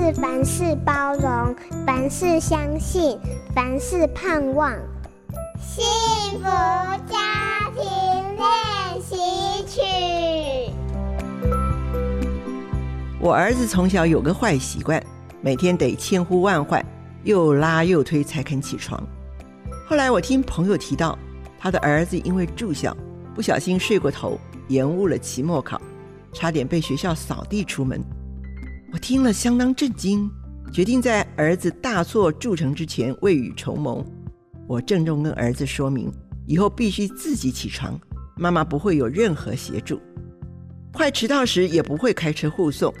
是凡事包容，凡事相信，凡事盼望。幸福家庭練習曲。我兒子從小有個壞習慣，每天得千呼萬喚，又拉又推才肯起床。後來我聽朋友提到，他的兒子因為住校，不小心睡過頭，延誤了期末考，差點被學校掃地出門。我聽了相當震驚，決定在兒子大錯鑄成之前未雨綢繆。我鄭重跟兒子說明，以後必須自己起床，媽媽不會有任何協助。快遲到時也不會開車護送。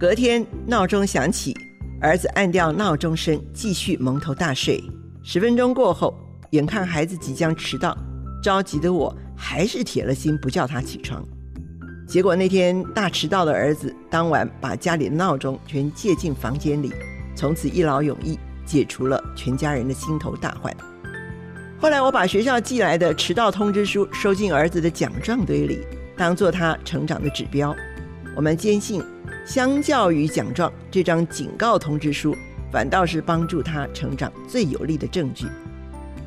隔天鬧鐘響起，兒子按掉鬧鐘聲，繼續蒙頭大睡。十分鐘過後，眼看孩子即將遲到，着急的我還是鐵了心不叫他起床。結果那天大遲到的兒子當晚把家裡的鬧鐘全借進房間裡，從此一勞永逸解除了全家人的心頭大患。後來我把學校寄來的遲到通知書收進兒子的獎狀堆裡，當做他成長的指標。我們堅信，相較於獎狀這張警告通知書，反倒是幫助他成長最有力的證據。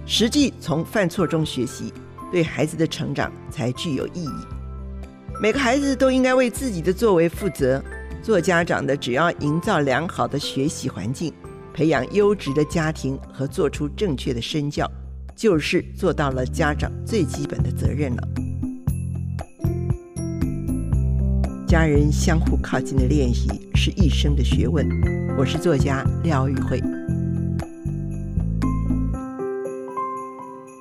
實際從犯錯中學習，對孩子的成長才具有意義。每個孩子都應該為自己的作為負責。做家長的，只要營造良好的學習環境，培養優質的家庭和做出正確的身教，就是做到了家長最基本的責任了。家人相互靠近的練習是一生的學問。我是作家廖玉蕙。